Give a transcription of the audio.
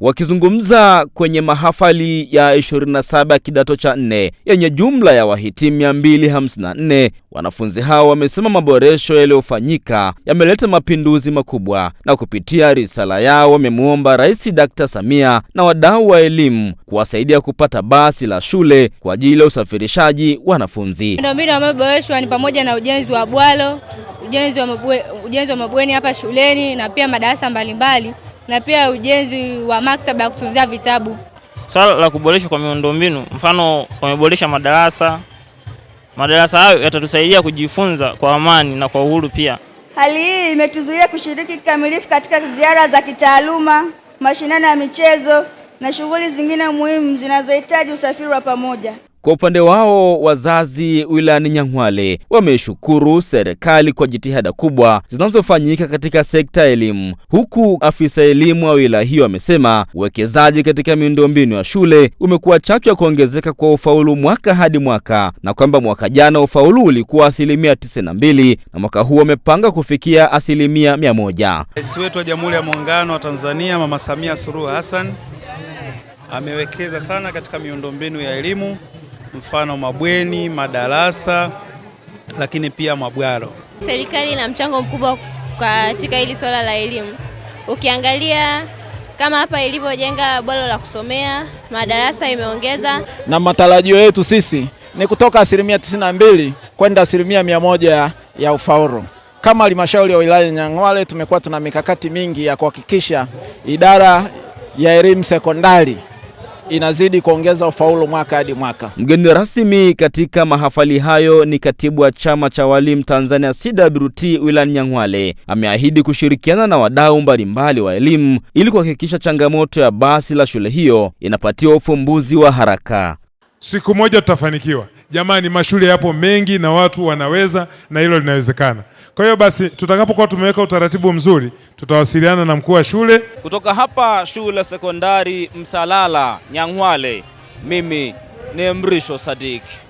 Wakizungumza kwenye mahafali ya 27 ya kidato cha nne yenye jumla ya wahitimu 254, wanafunzi hao wamesema maboresho yaliyofanyika yameleta mapinduzi makubwa, na kupitia risala yao wamemwomba Rais Dr. Samia na wadau wa elimu kuwasaidia kupata basi la shule kwa ajili ya usafirishaji wanafunzi. Miundombinu ameboreshwa ni pamoja na ujenzi wa bwalo, ujenzi wa mabweni hapa shuleni na pia madarasa mbalimbali mbali na pia ujenzi wa maktaba ya kutunzia vitabu. Swala la kuboreshwa kwa miundombinu, mfano wameboresha madarasa. Madarasa hayo yatatusaidia kujifunza kwa amani na kwa uhuru. Pia hali hii imetuzuia kushiriki kikamilifu katika ziara za kitaaluma, mashindano ya michezo na shughuli zingine muhimu zinazohitaji usafiri wa pamoja. Kwa upande wao wazazi wilayani Nyang'hwale wameshukuru serikali kwa jitihada kubwa zinazofanyika katika sekta ya elimu, huku afisa elimu wa wilaya hiyo amesema uwekezaji katika miundombinu ya shule umekuwa chachu ya kuongezeka kwa ufaulu mwaka hadi mwaka, na kwamba mwaka jana ufaulu ulikuwa asilimia 92 na mwaka huu wamepanga kufikia asilimia 100. Rais wetu wa Jamhuri ya Muungano wa Tanzania Mama Samia Suluhu Hassan amewekeza sana katika miundombinu ya elimu mfano mabweni, madarasa, lakini pia mabwaro. Serikali ina mchango mkubwa katika hili swala la elimu. Ukiangalia kama hapa ilivyojenga bwalo la kusomea, madarasa imeongeza, na matarajio yetu sisi ni kutoka asilimia 92 kwenda asilimia mia moja ya ufaulu. Kama halmashauri ya wilaya ya Nyang'hwale tumekuwa tuna mikakati mingi ya kuhakikisha idara ya elimu sekondari inazidi kuongeza ufaulu mwaka hadi mwaka. Mgeni rasmi katika mahafali hayo ni katibu wa chama cha walimu Tanzania CWT wilan Nyang'wale ameahidi kushirikiana na wadau mbalimbali wa elimu ili kuhakikisha changamoto ya basi la shule hiyo inapatiwa ufumbuzi wa haraka. Siku moja tutafanikiwa jamani, mashule yapo mengi na watu wanaweza, na hilo linawezekana. Kwa hiyo basi, tutakapokuwa tumeweka utaratibu mzuri, tutawasiliana na mkuu wa shule. Kutoka hapa shule sekondari Msalala Nyang'hwale, mimi ni Mrisho Sadiki.